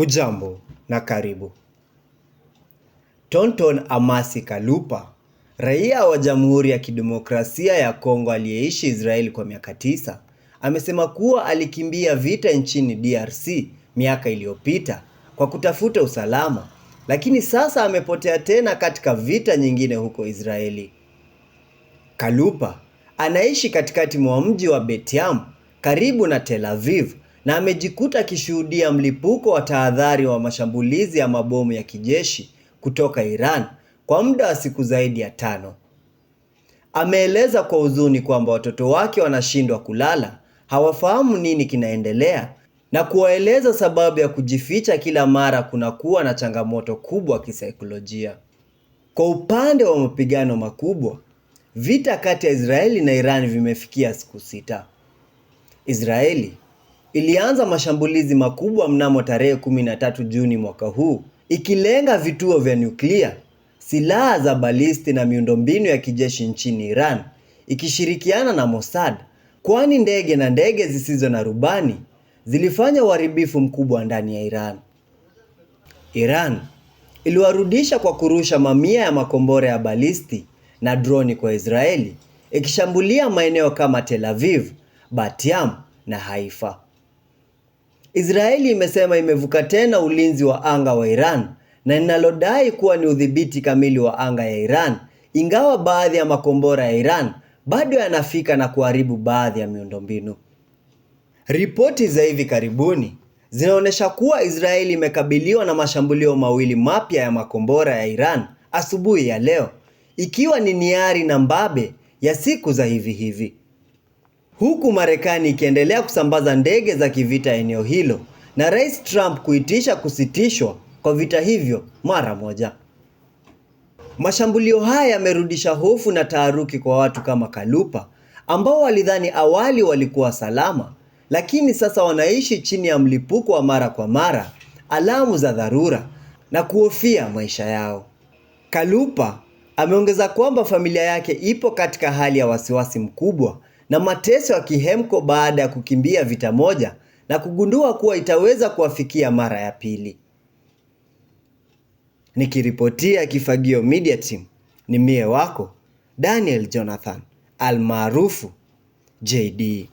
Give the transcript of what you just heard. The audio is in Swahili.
Hujambo na karibu. Tonton Amasi Kalupa, raia wa Jamhuri ya Kidemokrasia ya Kongo aliyeishi Israeli kwa miaka tisa, amesema kuwa alikimbia vita nchini DRC miaka iliyopita kwa kutafuta usalama, lakini sasa amepotea tena katika vita nyingine huko Israeli. Kalupa anaishi katikati mwa mji wa Betiam karibu na Tel Aviv na amejikuta akishuhudia mlipuko wa tahadhari wa mashambulizi ya mabomu ya kijeshi kutoka Iran kwa muda wa siku zaidi ya tano. Ameeleza kwa huzuni kwamba watoto wake wanashindwa kulala, hawafahamu nini kinaendelea na kuwaeleza sababu ya kujificha kila mara kunakuwa na changamoto kubwa kisaikolojia. Kwa upande wa mapigano makubwa, vita kati ya Israeli na Iran vimefikia siku sita. Israeli ilianza mashambulizi makubwa mnamo tarehe 13 Juni mwaka huu, ikilenga vituo vya nyuklia, silaha za balisti na miundombinu ya kijeshi nchini Iran, ikishirikiana na Mossad, kwani ndege na ndege zisizo na rubani zilifanya uharibifu mkubwa ndani ya Iran. Iran iliwarudisha kwa kurusha mamia ya makombora ya balisti na droni kwa Israeli, ikishambulia maeneo kama Tel Aviv, Bat na Haifa. Israeli imesema imevuka tena ulinzi wa anga wa Iran na inalodai kuwa ni udhibiti kamili wa anga ya Iran, ingawa baadhi ya makombora ya Iran bado yanafika na kuharibu baadhi ya miundombinu. Ripoti za hivi karibuni zinaonyesha kuwa Israeli imekabiliwa na mashambulio mawili mapya ya makombora ya Iran asubuhi ya leo, ikiwa ni niari na mbabe ya siku za hivi hivi huku Marekani ikiendelea kusambaza ndege za kivita eneo hilo na Rais Trump kuitisha kusitishwa kwa vita hivyo mara moja. Mashambulio haya yamerudisha hofu na taharuki kwa watu kama Kalupa ambao walidhani awali walikuwa salama, lakini sasa wanaishi chini ya mlipuko wa mara kwa mara, alamu za dharura na kuhofia maisha yao. Kalupa ameongeza kwamba familia yake ipo katika hali ya wasiwasi mkubwa na mateso ya kihemko baada ya kukimbia vita moja na kugundua kuwa itaweza kuwafikia mara ya pili. Nikiripotia Kifagio Media Team, ni mie wako Daniel Jonathan almaarufu JD.